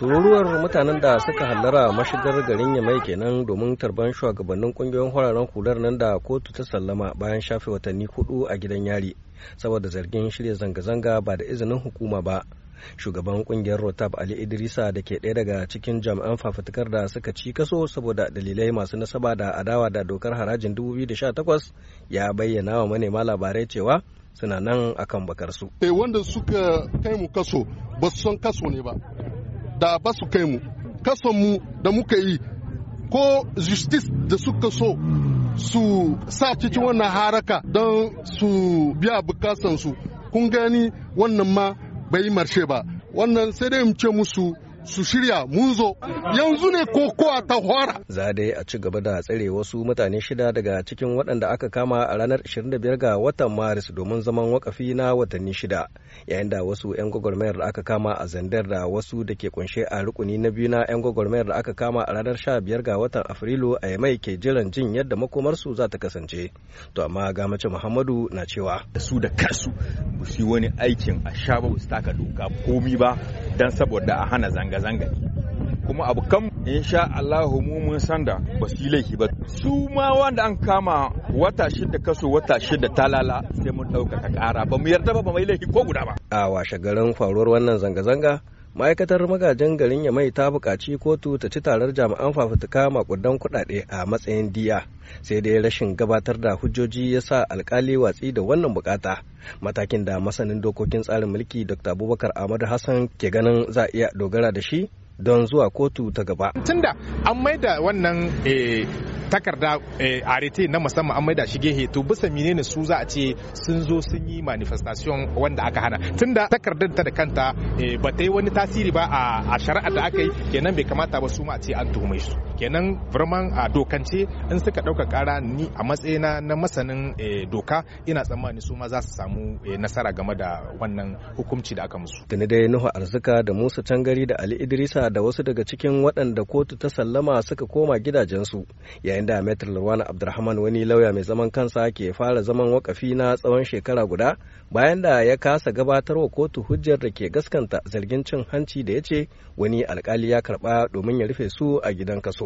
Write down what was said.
Tururuwar mutanen da suka hallara mashigar garin Yamai kenan domin tarban shugabannin kungiyoyin hararen hular nan da kotu ta sallama bayan shafe watanni hudu a gidan yari saboda zargin shirya zanga-zanga ba da izinin hukuma ba. Shugaban kungiyar Rotab Ali Idrisa da ke ɗaya daga cikin jami'an fafutukar da suka ci kaso saboda dalilai masu nasaba da adawa da dokar harajin 2018 ya bayyana wa manema labarai cewa suna nan akan bakar su eh wanda suka kai mu kaso ba su san kaso ne ba da ba su kai mu kason mu da muka yi ko justice da suka so su sa cikin wannan haraka don su biya su, kun gani wannan ma bai yi marshe ba wannan sai dai mu ce musu su shirya mun zo yanzu ne kokowa ta fara za dai a ci gaba da tsare wasu mutane shida daga cikin waɗanda aka kama a ranar 25 ga watan maris domin zaman wakafi na watanni shida yayin da wasu 'yan gwagwarmayar da aka kama a zandar da wasu da ke kunshe a rukuni na biyu na 'yan gwagwarmayar da aka kama a ranar 15 ga watan afrilu a yamai ke jiran jin yadda makomarsu za ta kasance to amma ga mace muhammadu na cewa su da kansu ba su yi wani aikin a sha ba su taka doka komi ba don saboda a hana zanga zanga-zanga kuma abu kan insha Allah mu mun sanda ba su yi laifi ba su ma wanda an kama wata shida kaso wata shida talala sai mun ta ƙara ba mu yarda ba ba mai laifi ko guda ba a washe garin faruwar wannan zanga-zanga ma'aikatar magajin garin yamai ta buƙaci kotu ta ci tarar jami'an fafutuka makudan kuɗaɗe a matsayin diya sai dai rashin gabatar da hujjoji ya sa alkali watsi da wannan bukata matakin da masanin dokokin tsarin mulki dr abubakar ahmadu hassan ke ganin za a iya dogara da shi don zuwa kotu ta gaba. Tunda an maida wannan eh, takarda eh, arete na musamman an maida shi gehe to bisa menene su za a ce sun zo sun yi manifestation wanda aka hana tunda takardar ta da kanta eh, ba ta yi wani tasiri ba a shari'ar da aka yi kenan bai kamata ba su ma a ce an tuhume su kenan vraiment a dokance in suka ɗauka kara ni a matsayina na masanin eh, doka ina tsammani su ma za su samu eh, nasara game da wannan hukumci da aka musu. Tuni dai Nuhu Arzika da Musa Cangari da Ali Idrisa da wasu daga cikin waɗanda kotu ta sallama suka koma gidajensu yayin da Metro Lurwana Abdulrahman wani lauya mai zaman kansa ke fara zaman wakafi na tsawon shekara guda bayan da ya kasa gabatar wa kotu hujjar da ke gaskanta zargin cin hanci da ya ce wani alkali ya karɓa domin ya rufe su a gidan kaso.